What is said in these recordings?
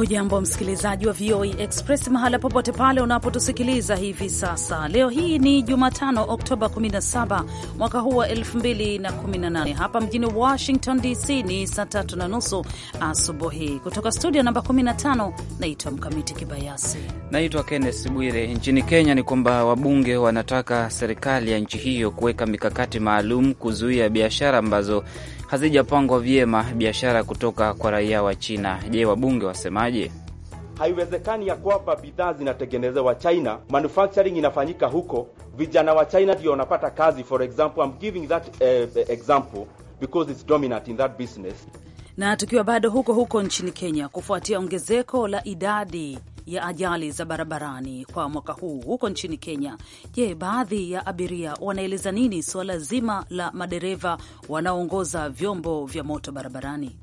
Hujambo msikilizaji wa VOA e Express mahala popote pale unapotusikiliza hivi sasa. Leo hii ni Jumatano, Oktoba 17 mwaka huu wa 2018. Hapa mjini Washington DC ni saa tatu na nusu asubuhi. Kutoka studio namba 15, naitwa Mkamiti Kibayasi. Naitwa Kennes Bwire. Nchini Kenya ni kwamba wabunge wanataka serikali ya nchi hiyo kuweka mikakati maalum kuzuia biashara ambazo hazijapangwa vyema biashara kutoka kwa raia wa China. Je, wabunge wasemaje? Haiwezekani ya kwamba bidhaa zinatengenezewa China, manufacturing inafanyika huko, vijana wa China ndio wanapata kazi. For example, I'm giving that uh, example because it's dominant in that business. Na tukiwa bado huko huko nchini Kenya, kufuatia ongezeko la idadi ya ajali za barabarani kwa mwaka huu huko nchini Kenya. Je, baadhi ya abiria wanaeleza nini suala zima la madereva wanaoongoza vyombo vya moto barabarani?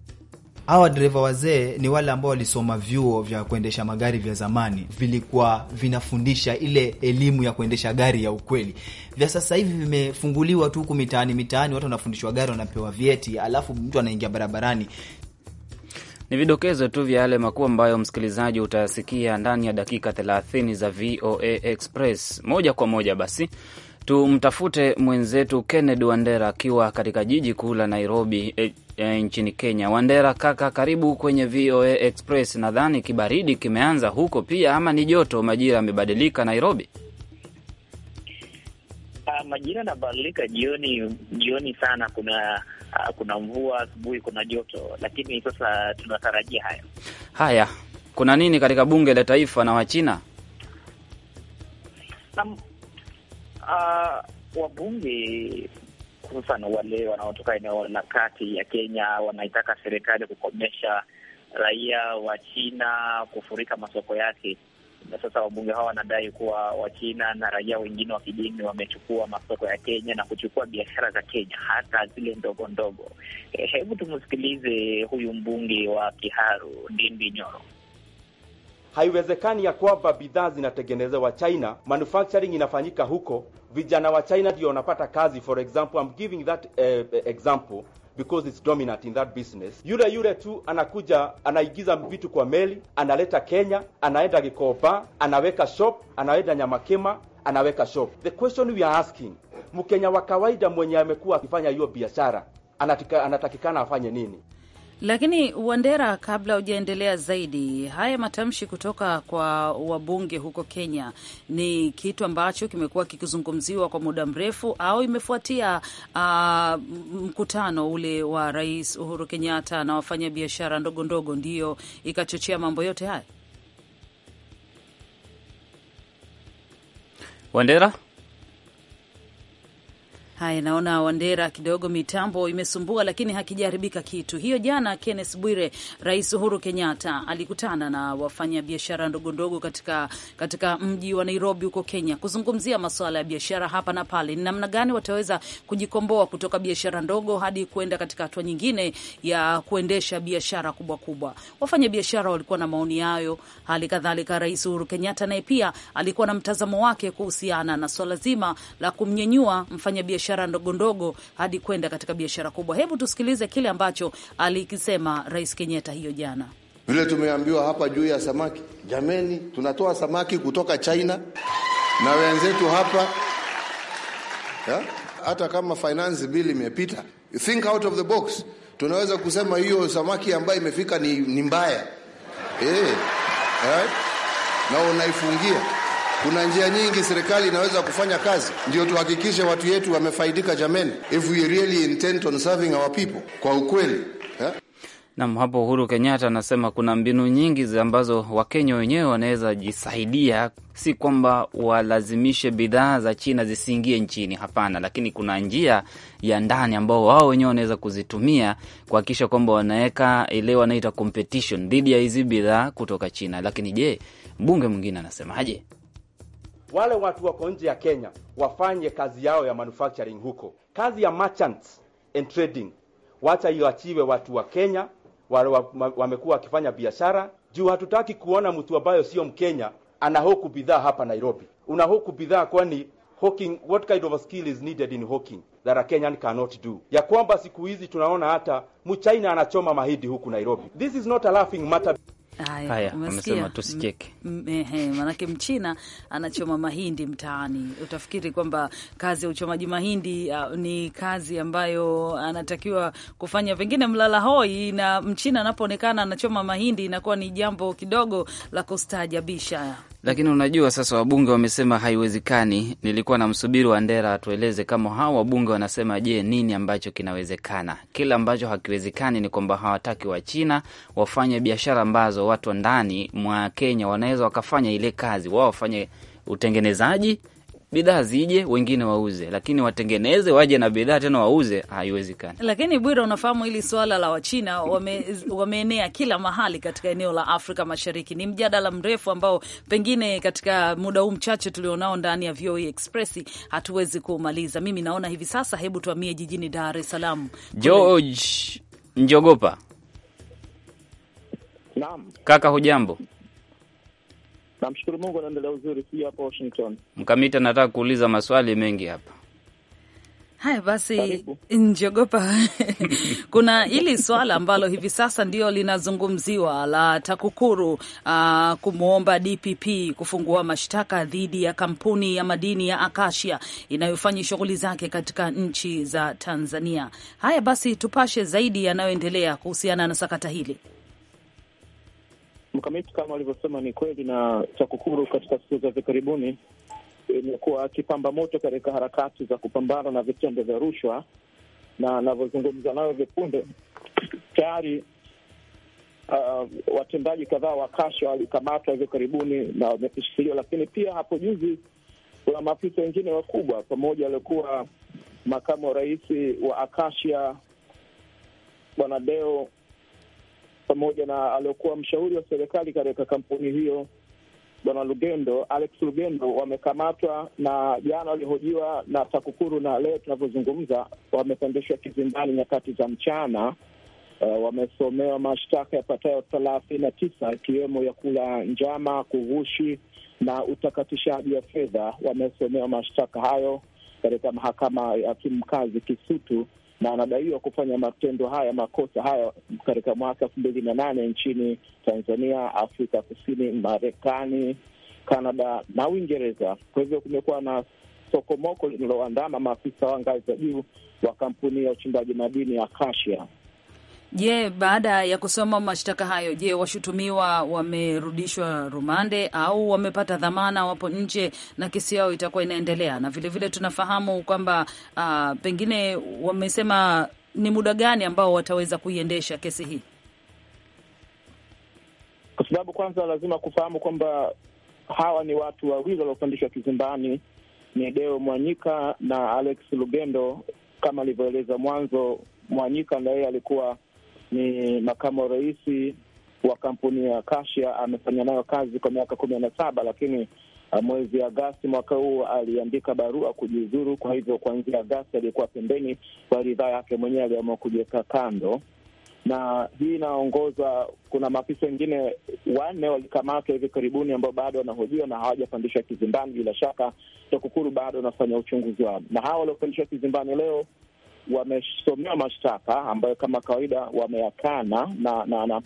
Hawa dereva wazee ni wale ambao walisoma vyuo vya kuendesha magari vya zamani, vilikuwa vinafundisha ile elimu ya kuendesha gari ya ukweli. Vya sasa hivi vimefunguliwa tu huku mitaani mitaani, watu wanafundishwa gari, wanapewa vyeti, alafu mtu anaingia barabarani. Ni vidokezo tu vya yale makuu ambayo msikilizaji utayasikia ndani ya dakika 30 za VOA Express moja kwa moja. Basi tumtafute mwenzetu Kennedy Wandera akiwa katika jiji kuu la Nairobi e, e, nchini Kenya. Wandera kaka, karibu kwenye VOA Express. Nadhani kibaridi kimeanza huko pia ama ni joto? Majira yamebadilika Nairobi? majira yanabadilika jioni, jioni sana kuna uh, kuna mvua, asubuhi kuna joto, lakini sasa tunatarajia hayo haya. Kuna nini katika bunge la taifa na Wachina na, uh, wabunge hususan wale wanaotoka eneo la kati ya Kenya wanaitaka serikali kukomesha raia wa China kufurika masoko yake na sasa wabunge hawa wanadai kuwa Wachina na raia wengine wa kigeni wamechukua masoko ya Kenya na kuchukua biashara za Kenya, hata zile ndogo ndogo. E, hebu tumsikilize huyu mbunge wa Kiharu, dindi Nyoro. Haiwezekani ya kwamba bidhaa zinatengenezewa China, manufacturing inafanyika huko, vijana wa China ndio wanapata kazi. For example, I'm giving that uh, example because it's dominant in that business. Yule yule tu anakuja anaigiza vitu kwa meli, analeta Kenya, anaenda Gikoba, anaweka shop, anaenda Nyamakema, anaweka shop. The question we are asking, Mkenya wa kawaida mwenye amekuwa akifanya hiyo biashara anatakikana afanye nini? Lakini Wandera, kabla hujaendelea zaidi, haya matamshi kutoka kwa wabunge huko Kenya ni kitu ambacho kimekuwa kikizungumziwa kwa muda mrefu, au imefuatia uh, mkutano ule wa Rais Uhuru Kenyatta na wafanya ndogo ndogo, ndiyo ikachochea mambo yote haya, Wandera? Haya, naona Wandera kidogo mitambo imesumbua, lakini hakijaharibika kitu. Hiyo jana, Kenneth Bwire, Rais Uhuru Kenyatta alikutana na wafanyabiashara ndogo katika, katika mji wa Nairobi huko Kenya kuzungumzia masuala ya biashara hapa na pale, ni namna gani wataweza kujikomboa kutoka biashara ndogo hadi kwenda katika hatua nyingine ya kuendesha biashara kubwa kubwa. Wafanyabiashara walikuwa na maoni yayo, hali kadhalika Rais Uhuru Kenyatta naye pia alikuwa na mtazamo wake kuhusiana na swala zima la kumnyenyua mfanyabiashara biashara ndogo hadi kwenda katika biashara kubwa. Hebu tusikilize kile ambacho alikisema Rais Kenyatta hiyo jana. Vile tumeambiwa hapa juu ya samaki, jameni, tunatoa samaki kutoka China na wenzetu hapa ya? hata kama finance bill imepita, think out of the box, tunaweza kusema hiyo samaki ambayo imefika ni, ni mbaya eh, eh na unaifungia kuna njia nyingi serikali inaweza kufanya kazi, ndio tuhakikishe watu yetu wamefaidika. Jameni, if we really intend on serving our people, kwa ukweli ha? Eh? Nam hapo Uhuru Kenyatta anasema kuna mbinu nyingi ambazo Wakenya wenyewe wanaweza jisaidia, si kwamba walazimishe bidhaa za China zisiingie nchini, hapana, lakini kuna njia ya ndani ambao wao wenyewe wanaweza kuzitumia kuhakikisha kwamba wanaweka ile wanaita competition dhidi ya hizi bidhaa kutoka China. Lakini je, mbunge mwingine anasemaje? wale watu wako nje ya Kenya wafanye kazi yao ya manufacturing huko. Kazi ya merchant and trading wacha iwachiwe watu wa Kenya wale wamekuwa wakifanya biashara, juu hatutaki kuona mtu ambayo sio Mkenya anahoku bidhaa hapa Nairobi. Unahoku bidhaa kwani hawking, what kind of a skill is needed in hawking that a Kenyan cannot do? Ya kwamba siku hizi tunaona hata Mchina anachoma mahindi huku Nairobi. This is not a laughing matter. Haya, amesema tusicheke, maanake mchina anachoma mahindi mtaani, utafikiri kwamba kazi ya uchomaji mahindi uh, ni kazi ambayo anatakiwa kufanya pengine mlala hoi, na mchina anapoonekana anachoma mahindi inakuwa ni jambo kidogo la kustaajabisha. Lakini unajua sasa, wabunge wamesema haiwezekani. Nilikuwa namsubiri Wandera atueleze kama hawa wabunge wanasema, je, nini ambacho kinawezekana? Kile ambacho hakiwezekani ni kwamba hawataki Wachina wafanye biashara ambazo watu ndani mwa Kenya wanaweza wakafanya ile kazi, wao wafanye utengenezaji bidhaa zije, wengine wauze, lakini watengeneze waje na bidhaa tena wauze, haiwezekani. Lakini Bwira, unafahamu hili suala la Wachina wame, wameenea kila mahali katika eneo la Afrika Mashariki. Ni mjadala mrefu ambao pengine katika muda huu mchache tulionao ndani ya VOA e Express hatuwezi kuumaliza. Mimi naona hivi sasa, hebu tuamie jijini Dar es Salaam. George Njogopa, naam kaka, hujambo? Namshukuru Mungu, anaendelea uzuri, sijui hapa Washington. Mkamiti anataka kuuliza maswali mengi hapa. Haya basi, njogopa kuna hili swala ambalo hivi sasa ndio linazungumziwa la TAKUKURU uh, ah, kumwomba DPP kufungua mashtaka dhidi ya kampuni ya madini ya Akasia inayofanya shughuli zake katika nchi za Tanzania. Haya basi, tupashe zaidi yanayoendelea kuhusiana na sakata hili mkamiti kama alivyosema ni kweli, na TAKUKURU katika siku za hivi karibuni imekuwa akipamba moto katika harakati za kupambana na vitendo vya rushwa, na anavyozungumza nayo vipunde tayari uh, watendaji kadhaa wa kasha walikamatwa hivi karibuni na wameshikiliwa, lakini pia hapo juzi kuna maafisa wengine wakubwa pamoja waliokuwa makamu wa rais wa Akasia Bwana Deo pamoja na aliokuwa mshauri wa serikali katika kampuni hiyo Bwana Lugendo, Alex Lugendo, wamekamatwa na jana walihojiwa na TAKUKURU na leo tunavyozungumza wamepandishwa kizimbani nyakati za mchana. Uh, wamesomewa mashtaka yapatayo thelathini na tisa ikiwemo ya kula njama, kughushi na utakatishaji wa fedha. Wamesomewa mashtaka hayo katika mahakama ya kimkazi Kisutu na anadaiwa kufanya matendo haya makosa haya katika mwaka elfu mbili na nane nchini Tanzania, Afrika Kusini, Marekani, Kanada na Uingereza. Kwa hivyo kumekuwa na sokomoko linaloandama maafisa wa ngazi za juu wa kampuni ya uchimbaji madini ya Acacia Je, baada ya kusoma mashtaka hayo, je, washutumiwa wamerudishwa rumande au wamepata dhamana, wapo nje na kesi yao itakuwa inaendelea? Na vilevile vile tunafahamu kwamba uh, pengine wamesema ni muda gani ambao wataweza kuiendesha kesi hii, kwa sababu kwanza lazima kufahamu kwamba hawa ni watu wawili waliopandishwa kizimbani, ni Deo Mwanyika na Alex Lugendo. Kama alivyoeleza mwanzo, Mwanyika na yeye alikuwa ni makamu wa rais wa kampuni ya Kasia, amefanya nayo kazi kwa miaka kumi na saba, lakini uh, mwezi Agasti mwaka huu aliandika barua kujiuzuru. Kwa hivyo kuanzia Agasti aliyekuwa pembeni kwa ridhaa yake mwenyewe, aliamua kujiweka kando, na hii inaongozwa. Kuna maafisa wengine wanne walikamatwa hivi karibuni ambao bado wanahojiwa na hawajapandishwa kizimbani. Bila shaka TAKUKURU bado wanafanya uchunguzi wao, na hawa waliopandishwa kizimbani leo wamesomewa mashtaka ambayo kama kawaida wameyakana na, na, na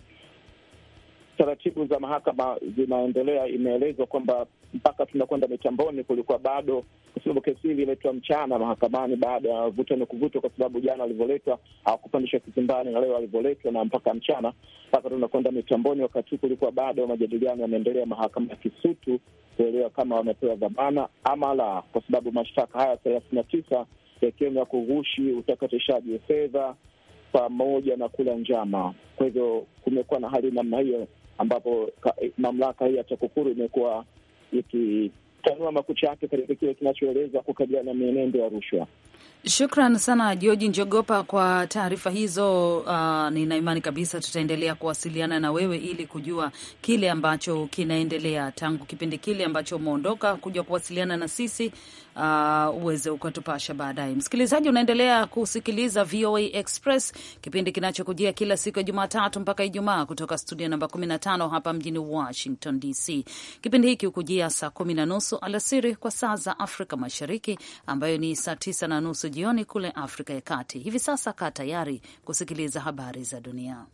taratibu za mahakama zinaendelea. Imeelezwa kwamba mpaka tunakwenda mitamboni kulikuwa bado, kwa sababu kesi hii ililetwa mchana mahakamani baada ya vuta ni kuvutwa, kwa sababu jana alivyoletwa hawakupandishwa kizimbani na leo alivyoletwa na mpaka mchana, mpaka tunakwenda mitamboni, wakati huu kulikuwa bado majadiliano yameendelea mahakama ya Kisutu kuelewa kama wamepewa dhamana ama la, kwa sababu mashtaka haya thelathini na tisa yakiwemo ya kughushi, utakatishaji wa fedha pamoja na kula njama. Kwa hivyo kumekuwa na hali namna hiyo ambapo eh, mamlaka hii ya TAKUKURU imekuwa ikitanua makucha yake katika kile kinachoeleza kukabiliana na mienendo ya rushwa. Shukran sana Georgi Njogopa kwa taarifa hizo. Uh, nina imani kabisa tutaendelea kuwasiliana na wewe ili kujua kile ambacho kinaendelea tangu kipindi kile ambacho umeondoka kuja kuwasiliana na sisi uh, uweze ukatupasha baadaye. Msikilizaji, unaendelea kusikiliza VOA Express, kipindi kinachokujia kila siku ya Jumatatu mpaka Ijumaa kutoka studio namba 15 hapa mjini Washington DC. Kipindi hiki hukujia saa kumi na nusu alasiri kwa saa za Afrika Mashariki, ambayo ni saa tisa na nusu jioni kule Afrika ya Kati. Hivi sasa kaa tayari kusikiliza habari za dunia.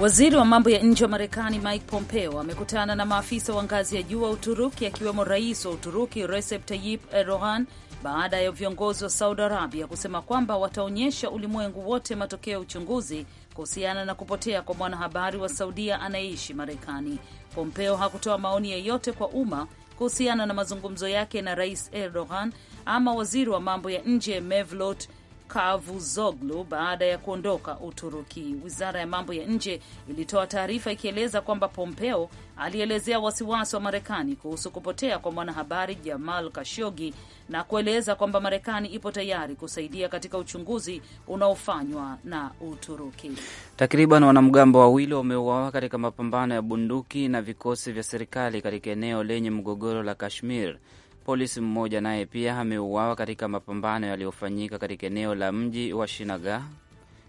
Waziri wa mambo ya nje wa Marekani Mike Pompeo amekutana na maafisa wa ngazi ya juu wa Uturuki akiwemo rais wa Uturuki Recep Tayyip Erdogan baada ya viongozi wa Saudi Arabia kusema kwamba wataonyesha ulimwengu wote matokeo ya uchunguzi kuhusiana na kupotea kwa mwanahabari wa Saudia anayeishi Marekani. Pompeo hakutoa maoni yeyote kwa umma kuhusiana na mazungumzo yake na Rais Erdogan ama waziri wa mambo ya nje Mevlut Kavuzoglu baada ya kuondoka Uturuki. Wizara ya mambo ya nje ilitoa taarifa ikieleza kwamba Pompeo alielezea wasiwasi wa Marekani kuhusu kupotea kwa mwanahabari Jamal Kashogi na kueleza kwamba Marekani ipo tayari kusaidia katika uchunguzi unaofanywa na Uturuki. Takriban wanamgambo wawili wameuawa katika mapambano ya bunduki na vikosi vya serikali katika eneo lenye mgogoro la Kashmir. Polisi mmoja naye pia ameuawa katika mapambano yaliyofanyika katika eneo la mji wa Shinaga.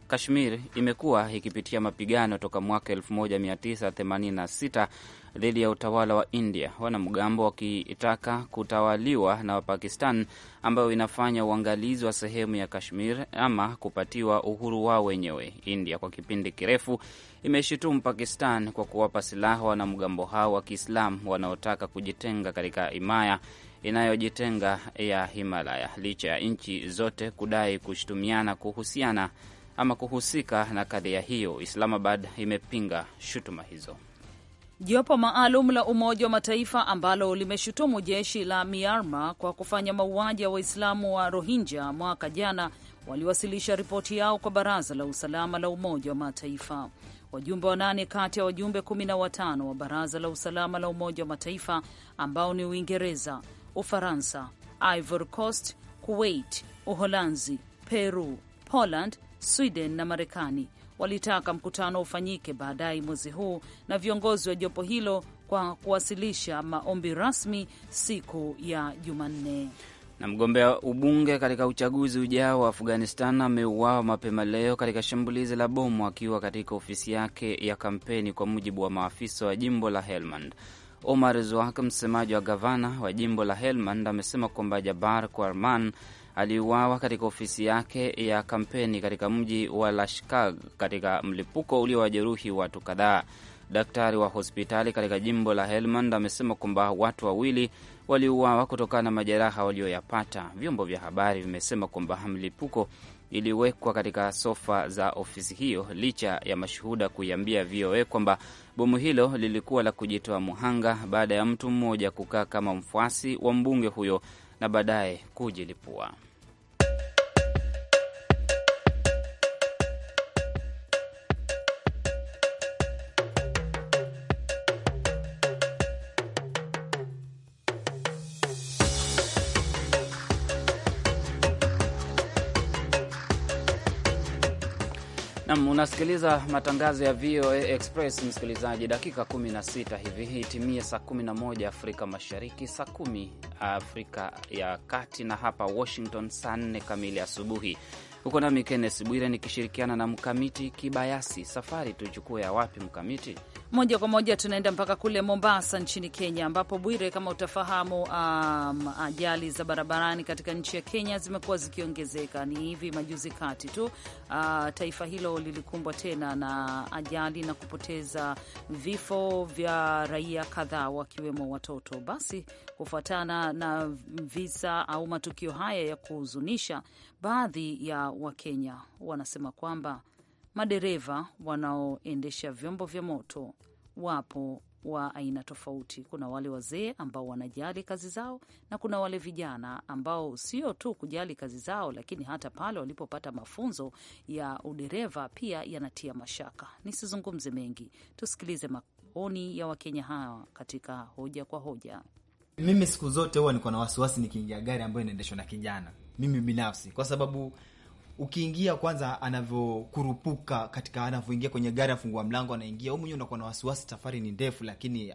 Kashmir imekuwa ikipitia mapigano toka mwaka 1986 dhidi ya utawala wa India, wanamgambo wakitaka kutawaliwa na Wapakistan, ambayo inafanya uangalizi wa sehemu ya Kashmir ama kupatiwa uhuru wao wenyewe. India kwa kipindi kirefu imeshutumu Pakistan kwa kuwapa silaha wanamgambo hao wa Kiislamu wanaotaka kujitenga katika imaya inayojitenga ya Himalaya licha ya nchi zote kudai kushutumiana kuhusiana ama kuhusika na kadhia hiyo. Islamabad imepinga shutuma hizo. Jopo maalum la Umoja wa Mataifa ambalo limeshutumu jeshi la Myanmar kwa kufanya mauaji ya Waislamu wa Rohingya mwaka jana waliwasilisha ripoti yao kwa Baraza la Usalama la Umoja wa Mataifa. Wajumbe wanane kati ya wajumbe kumi na watano wa Baraza la Usalama la Umoja wa Mataifa ambao ni Uingereza, Ufaransa, Ivory Coast, Kuwait, Uholanzi, Peru, Poland, Sweden na Marekani walitaka mkutano ufanyike baadaye mwezi huu na viongozi wa jopo hilo kwa kuwasilisha maombi rasmi siku ya Jumanne. Na mgombea ubunge katika uchaguzi ujao wa Afghanistan ameuawa mapema leo katika shambulizi la bomu akiwa katika ofisi yake ya kampeni, kwa mujibu wa maafisa wa jimbo la Helmand. Omar Zwak, msemaji wa gavana wa jimbo la Helmand, amesema kwamba Jabar kuarman aliuawa katika ofisi yake ya kampeni katika mji wa lashkag katika mlipuko uliowajeruhi watu kadhaa. Daktari wa hospitali katika jimbo la Helmand amesema kwamba watu wawili waliuawa kutokana na majeraha walioyapata. Vyombo vya habari vimesema kwamba mlipuko iliwekwa katika sofa za ofisi hiyo licha ya mashuhuda kuiambia VOA kwamba bomu hilo lilikuwa la kujitoa muhanga baada ya mtu mmoja kukaa kama mfuasi wa mbunge huyo na baadaye kujilipua. Unasikiliza matangazo ya VOA Express, msikilizaji, dakika 16 hivi itimie saa 11 Afrika Mashariki, saa 10 Afrika ya Kati, na hapa Washington saa 4 kamili asubuhi. Huko nami Kennes Bwire nikishirikiana na Mkamiti Kibayasi. Safari tuichukue ya wapi, Mkamiti? Moja kwa moja tunaenda mpaka kule Mombasa nchini Kenya, ambapo Bwire, kama utafahamu, um, ajali za barabarani katika nchi ya Kenya zimekuwa zikiongezeka. Ni hivi majuzi kati tu uh, taifa hilo lilikumbwa tena na ajali na kupoteza vifo vya raia kadhaa wakiwemo watoto. Basi kufuatana na visa au matukio haya ya kuhuzunisha, baadhi ya Wakenya wanasema kwamba madereva wanaoendesha vyombo vya moto wapo wa aina tofauti. Kuna wale wazee ambao wanajali kazi zao na kuna wale vijana ambao sio tu kujali kazi zao, lakini hata pale walipopata mafunzo ya udereva pia yanatia mashaka. Nisizungumze mengi, tusikilize maoni ya Wakenya hawa katika hoja kwa hoja. Mimi siku zote huwa niko na wasiwasi nikiingia gari ambayo inaendeshwa na kijana, mimi binafsi, kwa sababu ukiingia kwanza, anavyokurupuka katika anavyoingia kwenye gari, afungua mlango, anaingia, huu mwenyewe unakuwa na wasiwasi, safari ni ndefu, lakini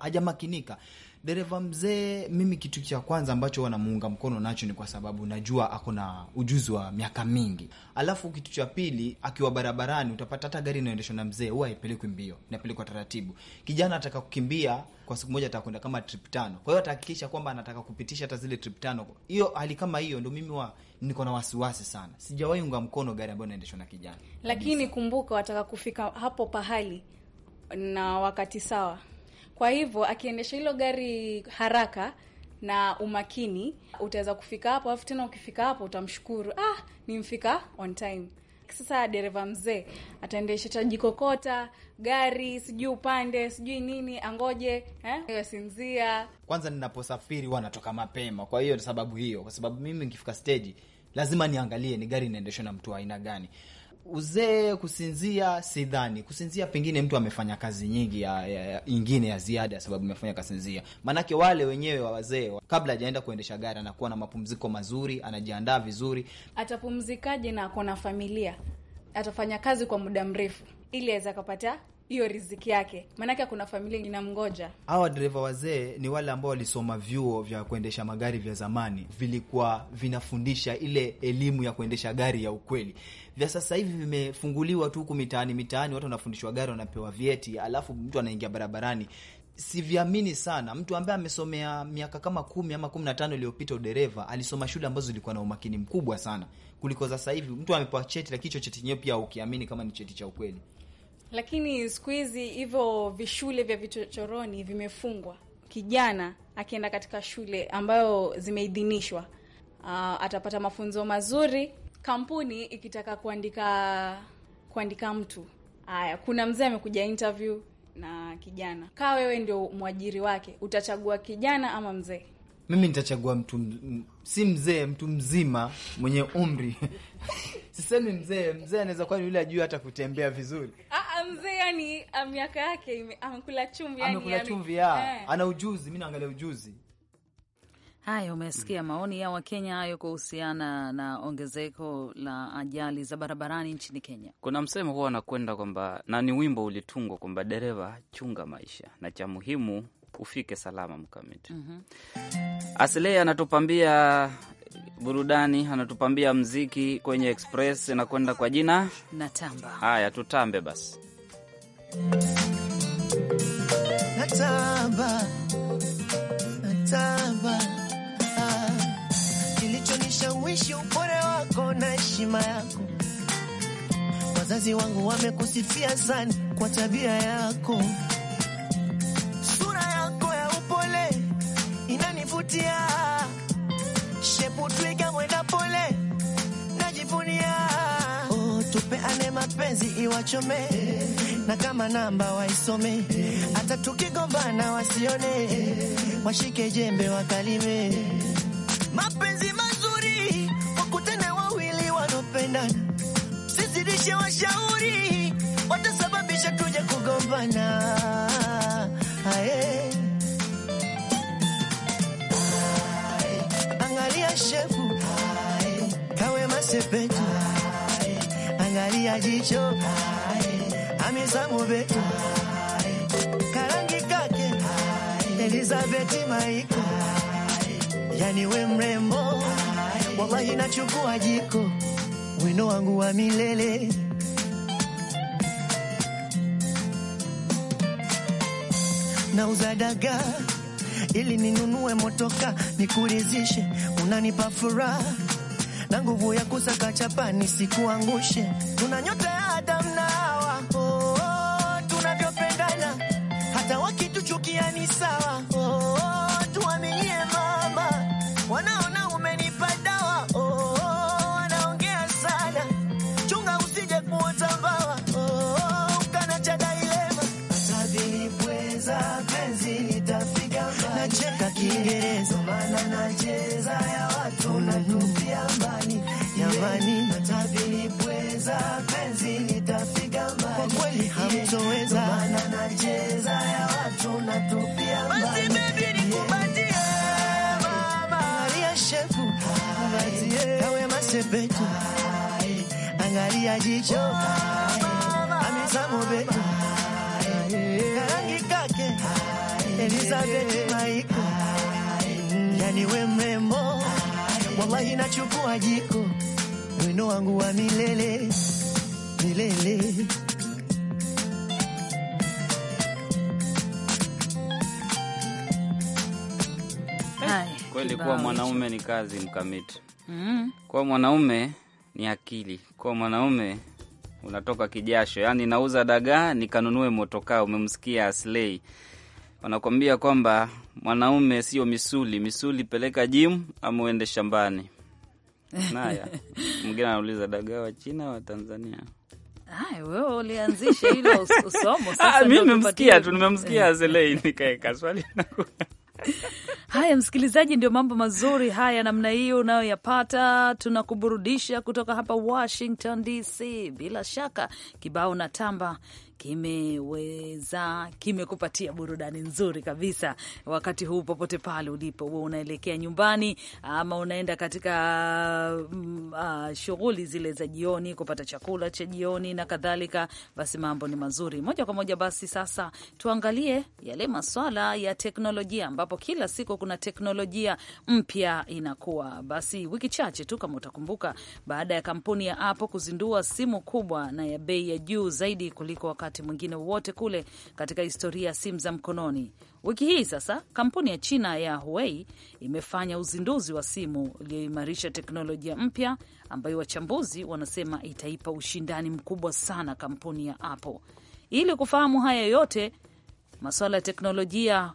hajamakinika dereva mzee, mimi kitu cha kwanza ambacho wanamuunga mkono nacho ni kwa sababu najua ako na ujuzi wa miaka mingi. Alafu kitu cha pili, akiwa barabarani utapata hata gari inaendeshwa na mzee huwa haipelekwi mbio, inapelekwa taratibu. Kijana ataka kukimbia kwa siku moja atakwenda kama trip tano, kwa hiyo atahakikisha kwamba anataka kupitisha hata zile trip tano. Hiyo hali kama hiyo ndo mimi wa niko na wasiwasi sana, sijawahi unga mkono gari ambayo inaendeshwa na kijana. Lakini kumbuka, wataka kufika hapo pahali na wakati sawa kwa hivyo akiendesha hilo gari haraka na umakini, utaweza kufika hapo, alafu tena ukifika hapo utamshukuru, ah, nimfika on time. Sasa dereva mzee ataendesha tajikokota gari, sijui upande, sijui nini, angoje eh, sinzia. Kwanza ninaposafiri huwa natoka mapema, kwa hiyo sababu hiyo, kwa sababu mimi nikifika steji lazima niangalie ni gari inaendeshwa na mtu wa aina gani uzee, kusinzia sidhani. Kusinzia pengine mtu amefanya kazi nyingi ya, ya, ya ingine ya ziada, sababu amefanya kasinzia. Maanake wale wenyewe wa wazee kabla hajaenda kuendesha gari anakuwa na mapumziko mazuri, anajiandaa vizuri. Atapumzikaje na akona familia? Atafanya kazi kwa muda mrefu ili aweze akapata hiyo riziki yake, maanake kuna familia inamngoja. Hawa wadereva wazee ni wale ambao walisoma vyuo vya kuendesha magari vya zamani, vilikuwa vinafundisha ile elimu ya kuendesha gari ya ukweli. Vya sasa hivi vimefunguliwa tu huku mitaani mitaani, watu wanafundishwa gari, wanapewa vyeti, alafu mtu anaingia barabarani. Siviamini sana. Mtu ambaye amesomea miaka kama kumi ama kumi na tano iliyopita udereva, alisoma shule ambazo zilikuwa na umakini mkubwa sana kuliko sasa hivi. Mtu amepewa cheti, lakini hicho cheti chenyewe pia ukiamini kama ni cheti cha ukweli. Lakini siku hizi hivyo vishule vya vichochoroni vimefungwa. Kijana akienda katika shule ambayo zimeidhinishwa, uh, atapata mafunzo mazuri. Kampuni ikitaka kuandika kuandika mtu, haya, kuna mzee amekuja interview na kijana, kaa wewe ndio mwajiri wake, utachagua kijana ama mzee? mimi nitachagua mtu si mzee, mtu mzima mwenye umri sisemi mzee. Mzee anaweza kuwa ni yule ajui hata kutembea vizuri. Ah, ah, mzee yani ah, miaka yake amekula chumvi, amekula chumvi, eh. ana ujuzi. Mi naangalia ujuzi. Haya, umesikia maoni ya Wakenya hayo kuhusiana na ongezeko la ajali za barabarani nchini Kenya. Kuna msemo huwa anakwenda kwamba, na ni wimbo ulitungwa kwamba, dereva chunga maisha, na cha muhimu ufike salama mkamiti. mm -hmm. Aslei anatupambia burudani, anatupambia mziki kwenye Express inakwenda kwa jina Natamba. Haya, tutambe basi. Natamba, natamba, ah. Kilichonishawishi upole wako na heshima yako, wazazi wangu wamekusifia sana kwa tabia yako mapenzi iwachome, na kama namba waisome, hata tukigombana wasione, washike jembe wakalime. Mapenzi mazuri wakutane wawili wanopendana sizidishe washauri, watasababisha tuje kugombana. angalia shefu kawe masepetu ya jicho Hamisa Mobe Karangi Kake Elizabeth Maiko, yani we mrembo, wallahi nachukua jiko, wino wangu wa milele na uzadaga ili ninunue motoka nikurizishe unanipa furaha na nguvu ya kusaka chapani, sikuangushe tuna nyota Betu, angalia jicho amisamu Betu, rangi kake Elizabeth Maiko, yani we mrembo, wallahi nachukua jiko, wino wangu wa milele milele. Kweli kuwa mwanaume ni kazi mkamiti mm. Kwa mwanaume ni akili, kwa mwanaume unatoka kijasho, yaani nauza dagaa nikanunue motokaa. Umemsikia Aslei wanakwambia kwamba mwanaume sio misuli, misuli peleka jimu ama uende shambani. Naya mwingine anauliza dagaa wa China wa Tanzania? Haya, wewe ulianzisha hilo usomo sasa. Ah, mimi nimemsikia tu, nimemsikia eh. Aslei nikaeka swali Haya msikilizaji, ndio mambo mazuri haya namna hiyo unayoyapata, tunakuburudisha kutoka hapa Washington DC. Bila shaka kibao na tamba kimeweza kimekupatia burudani nzuri kabisa wakati huu, popote pale ulipo, we unaelekea nyumbani ama unaenda katika uh, shughuli zile za jioni kupata chakula cha jioni na kadhalika, basi mambo ni mazuri moja kwa moja. Basi sasa tuangalie yale maswala ya teknolojia, ambapo kila siku kuna teknolojia mpya inakuwa. Basi wiki chache tu kama utakumbuka, baada ya kampuni ya Apple kuzindua simu kubwa na ya bei ya juu zaidi kuliko wakati wakati mwingine wowote kule katika historia ya simu za mkononi. Wiki hii sasa, kampuni ya China ya Huawei imefanya uzinduzi wa simu iliyoimarisha teknolojia mpya ambayo wachambuzi wanasema itaipa ushindani mkubwa sana kampuni ya Apple. Ili kufahamu haya yote, masuala ya teknolojia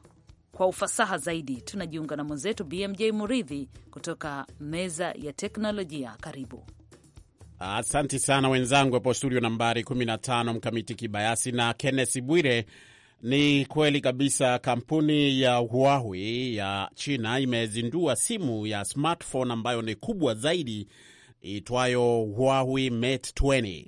kwa ufasaha zaidi, tunajiunga na mwenzetu BMJ Muridhi kutoka meza ya teknolojia. Karibu. Asanti sana wenzangu hapo studio nambari 15 Mkamiti Kibayasi na Kennes Bwire. Ni kweli kabisa, kampuni ya Huawei ya China imezindua simu ya smartphone ambayo ni kubwa zaidi itwayo Huawei Mate 20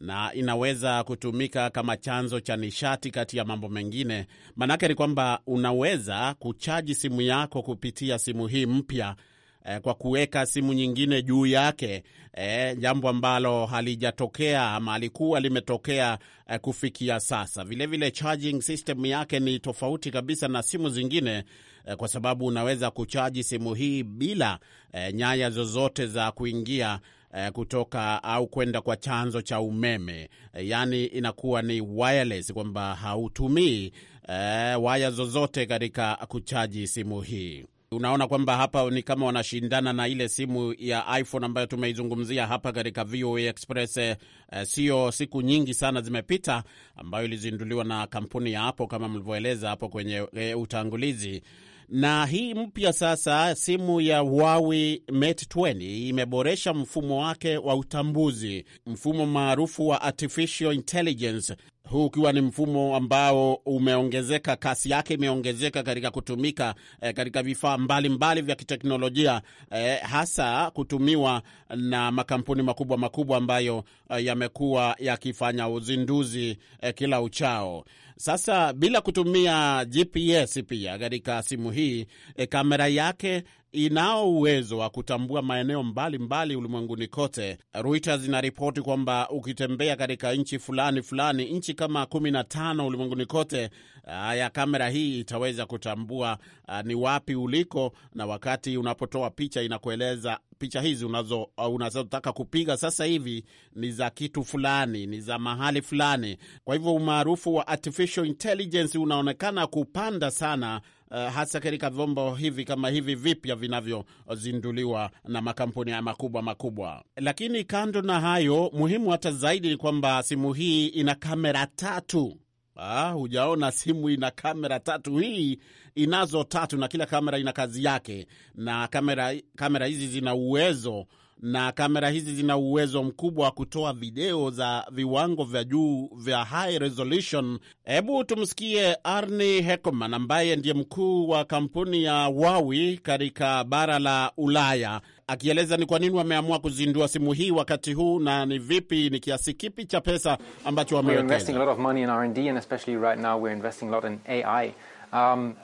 na inaweza kutumika kama chanzo cha nishati kati ya mambo mengine. Maanake ni kwamba unaweza kuchaji simu yako kupitia simu hii mpya eh, kwa kuweka simu nyingine juu yake eh, jambo ambalo halijatokea ama alikuwa limetokea eh, kufikia sasa. Vilevile vile charging system yake ni tofauti kabisa na simu zingine eh, kwa sababu unaweza kuchaji simu hii bila eh, nyaya zozote za kuingia eh, kutoka au kwenda kwa chanzo cha umeme, yaani inakuwa ni wireless, kwamba hautumii eh, waya zozote katika kuchaji simu hii unaona kwamba hapa ni kama wanashindana na ile simu ya iPhone ambayo tumeizungumzia hapa katika VOA Express. Eh, sio siku nyingi sana zimepita, ambayo ilizinduliwa na kampuni ya Apple kama mlivyoeleza hapo kwenye eh, utangulizi na hii mpya sasa, simu ya Huawei Mate 20 imeboresha mfumo wake wa utambuzi, mfumo maarufu wa artificial intelligence huu ukiwa ni mfumo ambao umeongezeka, kasi yake imeongezeka katika kutumika eh, katika vifaa mbalimbali vya kiteknolojia eh, hasa kutumiwa na makampuni makubwa makubwa ambayo eh, yamekuwa yakifanya uzinduzi eh, kila uchao. Sasa bila kutumia GPS pia katika simu hii eh, kamera yake inao uwezo wa kutambua maeneo mbalimbali ulimwenguni kote. Reuters inaripoti kwamba ukitembea katika nchi fulani fulani, nchi kama kumi na tano ulimwenguni kote, ah, ya kamera hii itaweza kutambua a, ah, ni wapi uliko, na wakati unapotoa picha inakueleza picha hizi unazo ah, unazotaka kupiga sasa hivi ni za kitu fulani, ni za mahali fulani. Kwa hivyo umaarufu wa artificial intelligence unaonekana kupanda sana uh, hasa katika vyombo hivi kama hivi vipya vinavyozinduliwa na makampuni haya makubwa makubwa. Lakini kando na hayo, muhimu hata zaidi ni kwamba simu hii ina kamera tatu. Ah, hujaona simu ina kamera tatu. Hii inazo tatu, na kila kamera ina kazi yake, na kamera kamera hizi zina uwezo na kamera hizi zina uwezo mkubwa wa kutoa video za viwango vya juu vya high resolution. Hebu tumsikie Arni Hekoman ambaye ndiye mkuu wa kampuni ya Huawei katika bara la Ulaya akieleza ni kwa nini wameamua kuzindua simu hii wakati huu na ni vipi, ni kiasi kipi cha pesa ambacho wamewekeza. 2025 um,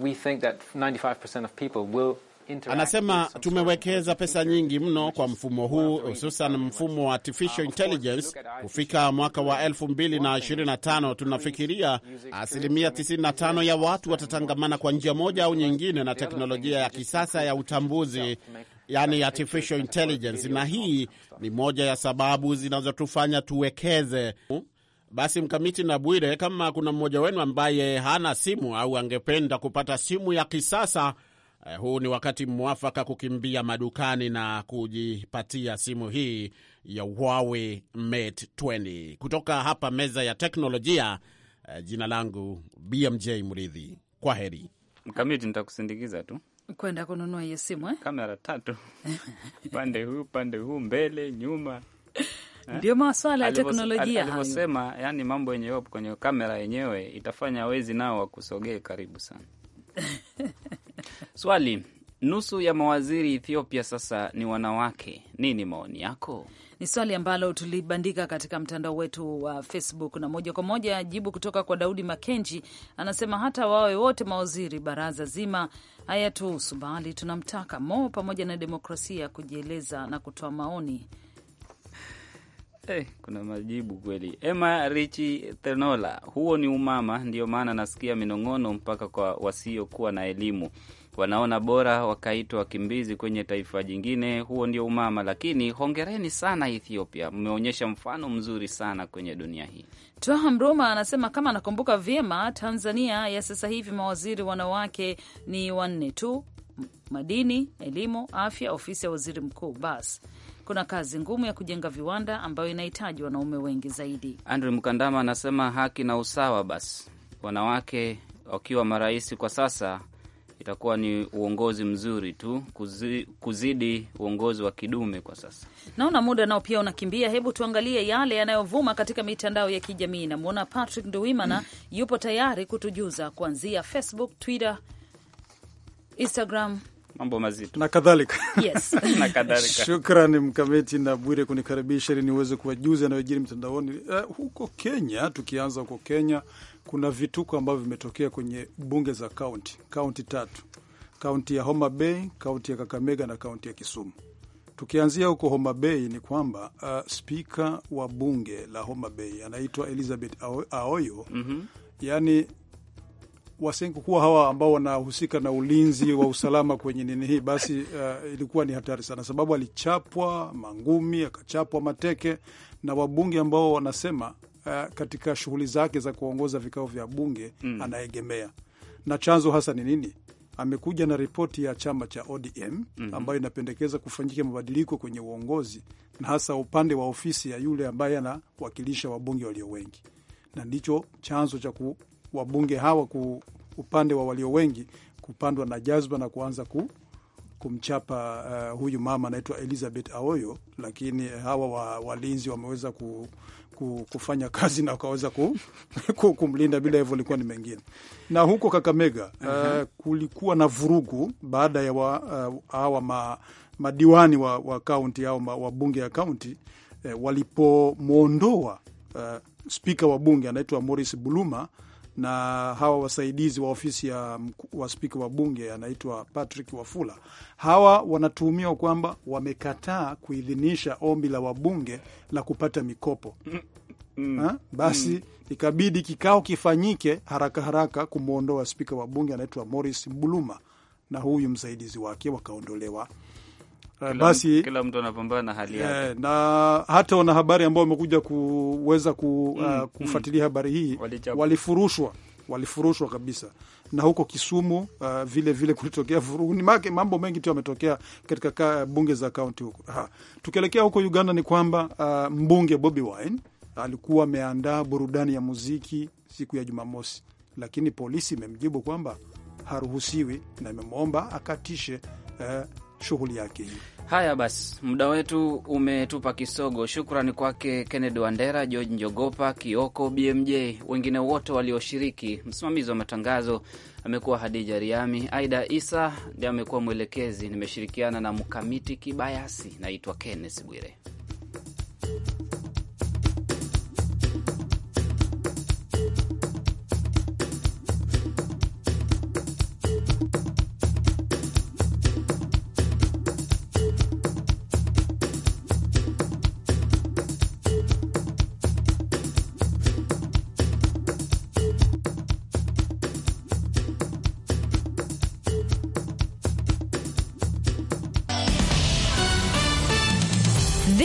we think that 95% of people will Anasema tumewekeza pesa nyingi mno kwa mfumo huu, hususan mfumo wa artificial uh, intelligence. Kufika mwaka wa 2025 tunafikiria asilimia 95 ya watu watatangamana kwa njia moja au nyingine na teknolojia ya kisasa ya utambuzi, yani artificial intelligence, na hii ni moja ya sababu zinazotufanya tuwekeze basi Mkamiti na Bwire, kama kuna mmoja wenu ambaye hana simu au angependa kupata simu ya kisasa Uh, huu ni wakati mwafaka kukimbia madukani na kujipatia simu hii ya Huawei Mate 20 kutoka hapa meza ya teknolojia. Uh, jina langu BMJ Mridhi, kwa heri. Mkamiti, nitakusindikiza tu kwenda kununua hiyo simu eh? Kamera tatu pande huu pande huu, mbele nyuma eh? ndio maswala ya teknolojia alivyosema, yani mambo yenye kwenye kamera yenyewe itafanya wezi nao wakusogee karibu sana Swali, nusu ya mawaziri Ethiopia sasa ni wanawake. Nini maoni yako? Ni swali ambalo tulibandika katika mtandao wetu wa Facebook, na moja kwa moja jibu kutoka kwa Daudi Makenji anasema hata wawe wote mawaziri, baraza zima hayatuhusu, bali tunamtaka Mo pamoja na demokrasia kujieleza na kutoa maoni. Hey, eh, kuna majibu kweli. Emma Richi Thenola, huo ni umama, ndio maana nasikia minong'ono mpaka kwa wasiokuwa na elimu wanaona bora wakaitwa wakimbizi kwenye taifa jingine. Huo ndio umama, lakini hongereni sana Ethiopia, mmeonyesha mfano mzuri sana kwenye dunia hii. Twaha Mruma anasema kama anakumbuka vyema, Tanzania ya sasa hivi mawaziri wanawake ni wanne tu: madini, elimu, afya, ofisi ya waziri mkuu. Basi kuna kazi ngumu ya kujenga viwanda ambayo inahitaji wanaume wengi zaidi. Andrew Mkandama anasema haki na usawa, basi wanawake wakiwa marais kwa sasa itakuwa ni uongozi mzuri tu kuzi, kuzidi uongozi wa kidume kwa sasa. Naona muda nao pia unakimbia, hebu tuangalie yale yanayovuma katika mitandao ya kijamii. Namwona Patrick Nduwimana mm, yupo tayari kutujuza kuanzia Facebook, Twitter, Instagram mambo mazito na kadhalika. Yes. na kadhalika. Shukrani Mkamiti na Bwire kunikaribisha ili niweze kuwajuza yanayojiri mtandaoni. Uh, eh, huko Kenya, tukianza huko Kenya kuna vituko ambavyo vimetokea kwenye bunge za kaunti, kaunti tatu, kaunti ya Homa Bay, kaunti ya Kakamega na kaunti ya Kisumu. Tukianzia huko Homa Bay ni kwamba uh, spika wa bunge la Homa Bay anaitwa Elizabeth Aoyo mm -hmm. Yani wasingekuwa hawa ambao wanahusika na ulinzi wa usalama kwenye nini hii, basi uh, ilikuwa ni hatari sana, sababu alichapwa mangumi akachapwa mateke na wabunge ambao wanasema uh, katika shughuli zake za kuongoza vikao vya bunge mm. anaegemea. Na chanzo hasa ni nini? Amekuja na ripoti ya chama cha ODM mm -hmm. ambayo inapendekeza kufanyika mabadiliko kwenye uongozi na hasa upande wa ofisi ya yule ambaye anawakilisha wabunge walio wengi, na ndicho chanzo cha wabunge hawa ku upande wa walio wengi kupandwa na jazba na kuanza ku, kumchapa uh, huyu mama anaitwa Elizabeth Aoyo, lakini hawa wa, walinzi wameweza ku, uh, kufanya kazi na wakaweza kumlinda bila hivyo likuwa ni mengine. Na huko Kakamega uh -huh. uh, kulikuwa na vurugu baada ya eh, hawa uh, ma, madiwani wa kaunti au wabunge ya kaunti eh, walipomwondoa uh, eh, spika wa bunge anaitwa Morris Buluma na hawa wasaidizi wa ofisi ya wa spika wa bunge anaitwa Patrick Wafula. Hawa wanatuhumiwa kwamba wamekataa kuidhinisha ombi la wabunge la kupata mikopo mm. Ha? Basi mm. ikabidi kikao kifanyike haraka haraka kumwondoa spika wa bunge anaitwa Morris Buluma na huyu msaidizi wake wakaondolewa kila, eh, basi kila mtu anapambana na hali yake eh, na hata wanahabari ambao wamekuja kuweza ku, mm, uh, kufuatilia mm, habari hii walichabu. walifurushwa walifurushwa kabisa na huko Kisumu uh, vile vile kulitokea vurugu. Ni make mambo mengi tu yametokea katika ka, bunge za kaunti huko. Tukielekea huko Uganda ni kwamba uh, mbunge Bobi Wine alikuwa ameandaa burudani ya muziki siku ya Jumamosi, lakini polisi imemjibu kwamba haruhusiwi na imemwomba akatishe uh, shughuli yake hiyo. Haya basi, muda wetu umetupa kisogo. Shukrani kwake Kennedy Wandera, George Njogopa, Kioko, BMJ, wengine wote walioshiriki. Msimamizi wa matangazo amekuwa Hadija Riami, Aida Isa ndiye amekuwa mwelekezi, nimeshirikiana na Mkamiti Kibayasi. Naitwa Kenneth Bwire.